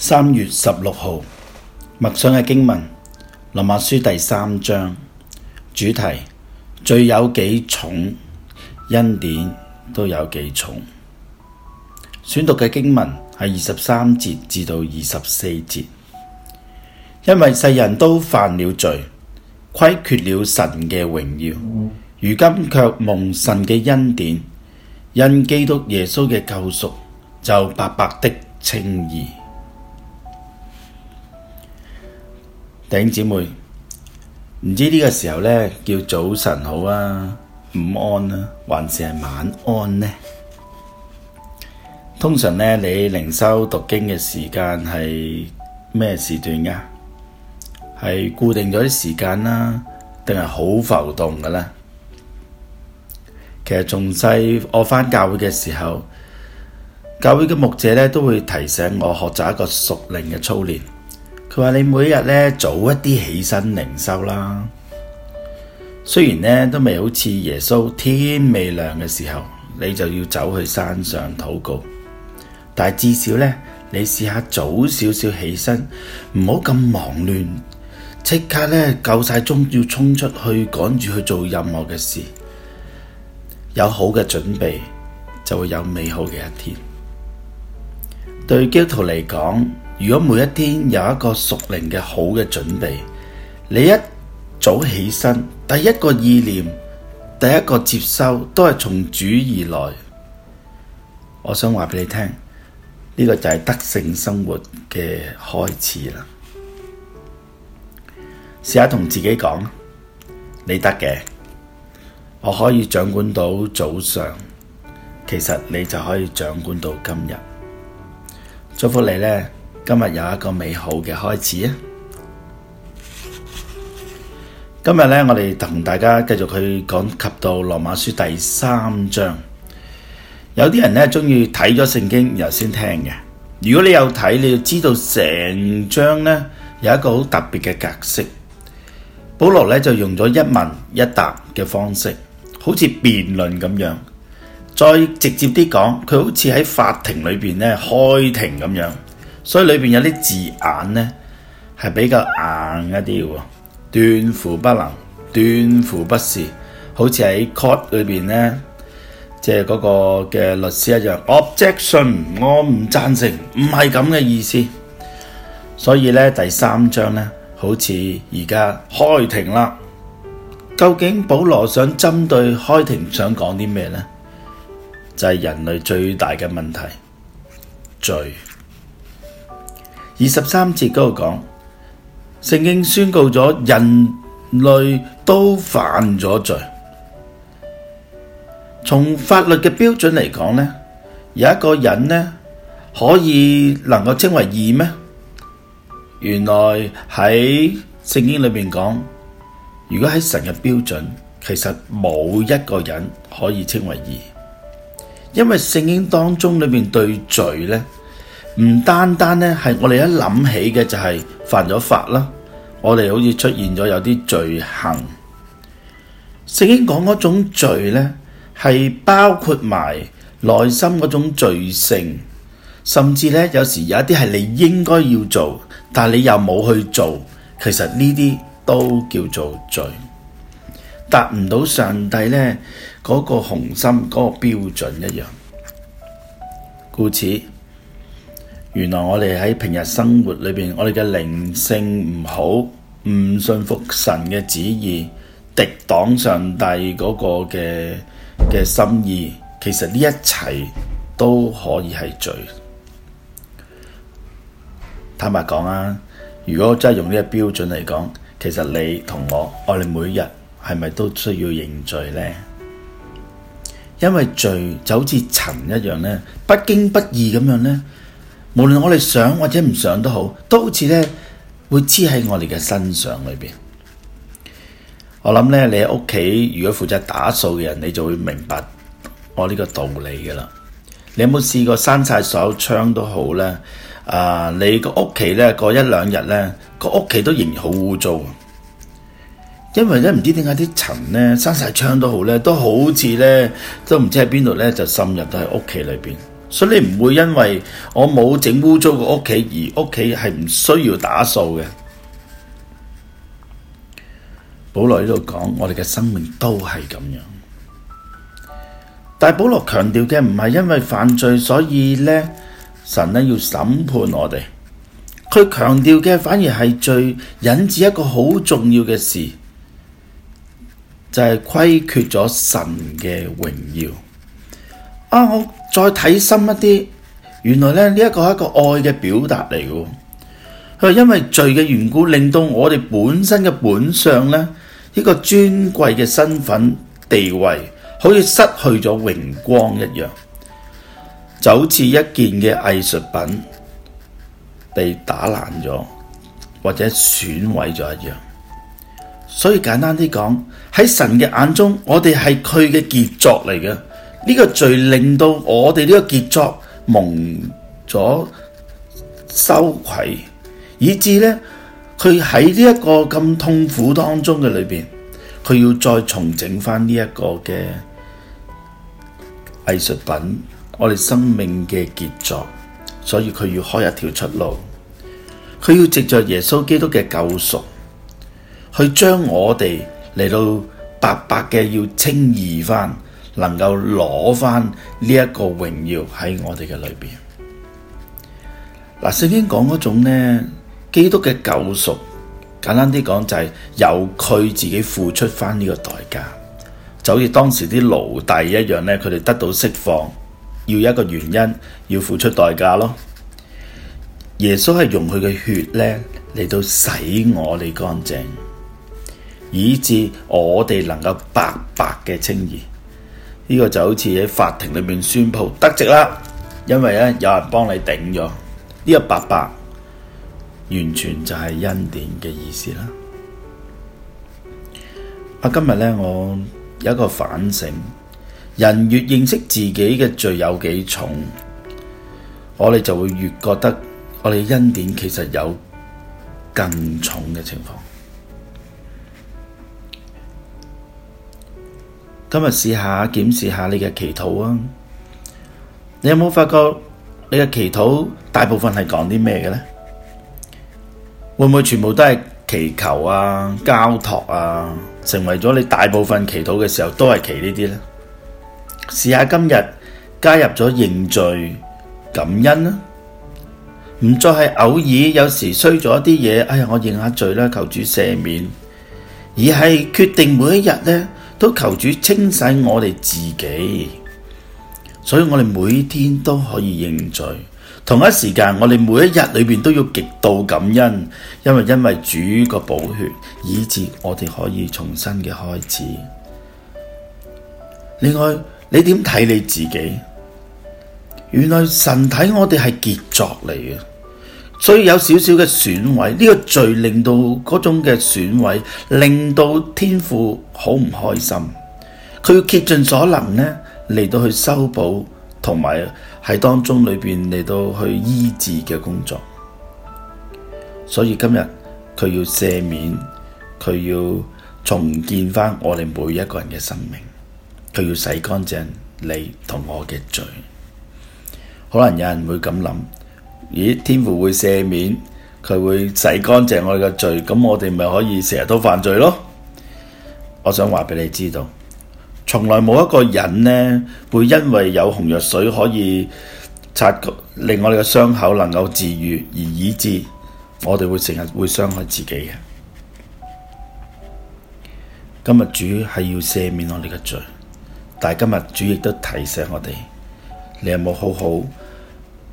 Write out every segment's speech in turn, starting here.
三月十六號默想嘅經文《羅馬書》第三章，主題罪有幾重，恩典都有幾重。選讀嘅經文係二十三節至到二十四節，因為世人都犯了罪，虧缺了神嘅榮耀，如今卻蒙神嘅恩典，因基督耶穌嘅救贖，就白白的稱義。弟兄姐妹，唔知呢個時候呢，叫早晨好啊、午安啊，還是係晚安呢？通常呢，你靈修讀經嘅時間係咩時段㗎？係固定咗啲時間啦，定係好浮動嘅呢？其實仲細我返教會嘅時候，教會嘅牧者呢，都會提醒我學習一個屬靈嘅操練。話你每日咧早一啲起身靈修啦，雖然咧都未好似耶穌天未亮嘅時候，你就要走去山上禱告，但係至少咧，你試下早少少起身，唔好咁忙亂，即刻咧夠晒鐘要衝出去趕住去做任何嘅事，有好嘅準備就會有美好嘅一天。對基督徒嚟講。如果每一天有一個熟練嘅好嘅準備，你一早起身，第一個意念、第一個接收都係從主而來。我想話俾你聽，呢個就係德性生活嘅開始啦。試下同自己講，你得嘅，我可以掌管到早上，其實你就可以掌管到今日。祝福你呢。」今日有一個美好嘅開始啊！今日呢，我哋同大家繼續去講及到羅馬書第三章。有啲人呢，中意睇咗聖經，然後先聽嘅。如果你有睇，你就知道成章呢有一個好特別嘅格式。保羅呢就用咗一問一答嘅方式，好似辯論咁樣。再直接啲講，佢好似喺法庭裏邊呢開庭咁樣。所以裏邊有啲字眼呢，係比較硬一啲嘅，斷乎不能，斷乎不是，好似喺 court 裏邊呢，即係嗰個嘅律師一樣，Objection，我唔贊成，唔係咁嘅意思。所以呢，第三章呢，好似而家開庭啦，究竟保羅想針對開庭想講啲咩呢？就係人類最大嘅問題，罪。二十三節嗰度講，聖經宣告咗人類都犯咗罪。從法律嘅標準嚟講呢，有一個人呢可以能夠稱為義咩？原來喺聖經裡面講，如果喺神嘅標準，其實冇一個人可以稱為義，因為聖經當中裡面對罪呢。唔單單咧，係我哋一諗起嘅就係犯咗法啦，我哋好似出現咗有啲罪行。聖經講嗰種罪咧，係包括埋內心嗰種罪性，甚至咧，有時有一啲係你應該要做，但係你又冇去做，其實呢啲都叫做罪，達唔到上帝咧，嗰個雄心嗰個標準一樣，故此。原來我哋喺平日生活裏邊，我哋嘅靈性唔好，唔信服神嘅旨意，敵擋上帝嗰個嘅嘅心意，其實呢一切都可以係罪。坦白講啊，如果真係用呢個標準嚟講，其實你同我，我哋每日係咪都需要認罪呢？因為罪就好似塵一樣呢，不經不意咁樣呢。無論我哋想或者唔想都好，都好似咧，會黐喺我哋嘅身上裏邊。我諗咧，你喺屋企如果負責打掃嘅人，你就會明白我呢個道理㗎喇。你有冇試過閂晒所有窗都好咧？啊，你個屋企咧，過一兩日咧，個屋企都仍然好污糟。因為咧唔知點解啲塵咧，閂晒窗都好咧，都好似咧，都唔知喺邊度咧就滲入到喺屋企裏邊。所以你唔會因為我冇整污糟個屋企而屋企係唔需要打掃嘅。保羅呢度講，我哋嘅生命都係咁樣。但係保羅強調嘅唔係因為犯罪，所以呢神呢要審判我哋。佢強調嘅反而係最引致一個好重要嘅事，就係虧缺咗神嘅榮耀。啊！我再睇深一啲，原來咧呢一個係一個愛嘅表達嚟嘅。佢話，因為罪嘅緣故，令到我哋本身嘅本相咧，呢個尊貴嘅身份地位，好似失去咗榮光一樣，就好似一件嘅藝術品被打爛咗或者損毀咗一樣。所以簡單啲講，喺神嘅眼中，我哋係佢嘅傑作嚟嘅。呢個罪令到我哋呢個傑作蒙咗羞愧，以致呢，佢喺呢一個咁痛苦當中嘅裏邊，佢要再重整返呢一個嘅藝術品，我哋生命嘅傑作，所以佢要開一條出路，佢要藉着耶穌基督嘅救贖，去將我哋嚟到白白嘅要稱義返，能夠攞翻呢一個榮耀喺我哋嘅裏邊嗱，聖、啊、經講嗰種咧，基督嘅救贖簡單啲講就係由佢自己付出翻呢個代價，就好似當時啲奴隸一樣咧，佢哋得到釋放要有一個原因，要付出代價咯。耶穌係用佢嘅血咧嚟到洗我哋乾淨，以致我哋能夠白白嘅稱義。呢個就好似喺法庭裏面宣布得直啦，因為有人幫你頂咗，呢、這個白白完全就係恩典嘅意思啦。啊，今日呢，我有一個反省，人越認識自己嘅罪有幾重，我哋就會越覺得我哋恩典其實有更重嘅情況。今日試下檢視下你嘅祈禱啊！你有冇發覺你嘅祈禱大部分係講啲咩嘅咧？會唔會全部都係祈求啊、交託啊，成為咗你大部分祈禱嘅時候都係祈呢啲咧？試下今日加入咗認罪感恩啊，唔再係偶爾有時衰咗一啲嘢，哎呀我認下罪啦，求主赦免，而係決定每一日咧。都求主清洗我哋自己，所以我哋每天都可以認罪。同一時間，我哋每一日裏邊都要極度感恩，因為因為主個補血，以致我哋可以重新嘅開始。另外，你點睇你自己？原來神睇我哋係傑作嚟嘅。所以有少少嘅損毀，呢個罪令到嗰種嘅損毀，令到天父好唔開心。佢要竭盡所能呢嚟到去修補，同埋喺當中裏邊嚟到去醫治嘅工作。所以今日佢要赦免，佢要重建翻我哋每一個人嘅生命，佢要洗乾淨你同我嘅罪。可能有人會咁諗。咦，天父會赦免，佢會洗乾淨我哋嘅罪，咁我哋咪可以成日都犯罪咯？我想話俾你知道，從來冇一個人呢會因為有紅藥水可以察覺令我哋嘅傷口能夠治癒，而以致我哋會成日會傷害自己嘅。今日主係要赦免我哋嘅罪，但係今日主亦都提醒我哋，你有冇好好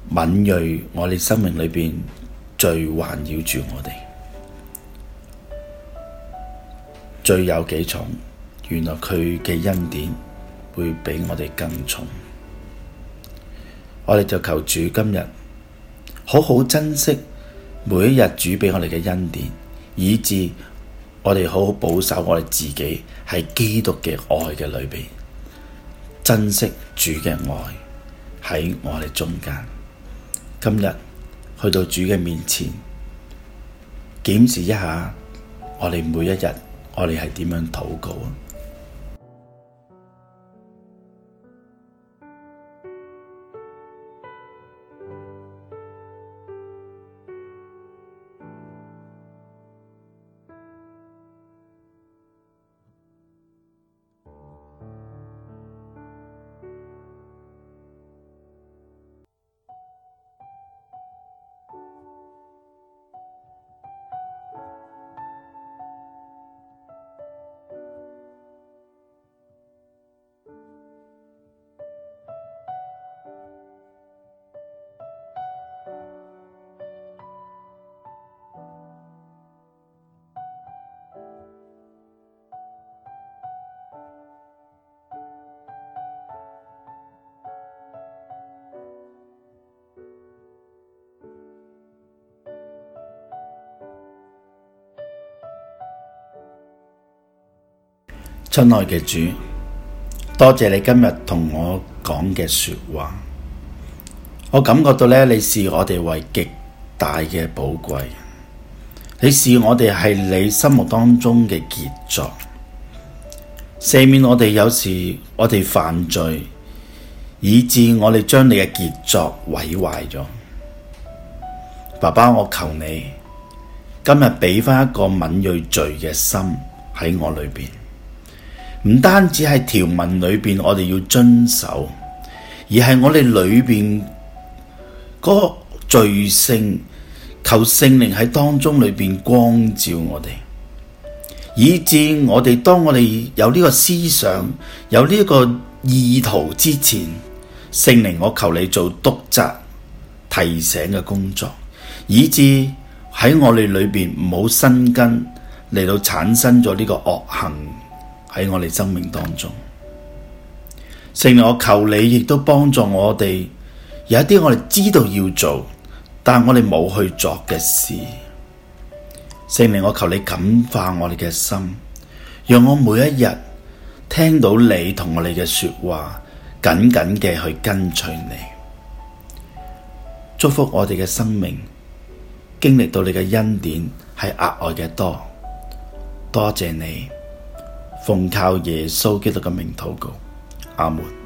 敏銳，我哋生命裏邊，罪環繞住我哋，罪有幾重？原來佢嘅恩典會比我哋更重。我哋就求主今日好好珍惜每一日主畀我哋嘅恩典，以致我哋好好保守我哋自己喺基督嘅愛嘅裏邊，珍惜主嘅愛喺我哋中間。今日去到主嘅面前，檢視一下我哋每一日，我哋係點樣禱告啊？親愛嘅主，多謝你今日同我講嘅說話，我感覺到咧，你視我哋為極大嘅寶貴，你視我哋係你心目當中嘅傑作，赦免我哋有時我哋犯罪，以致我哋將你嘅傑作毀壞咗。爸爸，我求你今日俾翻一個敏銳罪嘅心喺我裏邊。唔單止係條文裏邊，我哋要遵守，而係我哋裏邊嗰罪性，求聖靈喺當中裏邊光照我哋，以致我哋當我哋有呢個思想、有呢個意圖之前，聖靈我求你做督責、提醒嘅工作，以致喺我哋裏邊唔好生根，嚟到產生咗呢個惡行。喺我哋生命當中，聖靈我求你亦都幫助我哋，有一啲我哋知道要做，但我哋冇去做嘅事。聖靈我求你感化我哋嘅心，讓我每一日聽到你同我哋嘅說話，緊緊嘅去跟隨你。祝福我哋嘅生命，經歷到你嘅恩典係額外嘅多，多謝你。奉靠耶穌基督嘅名禱告，阿門。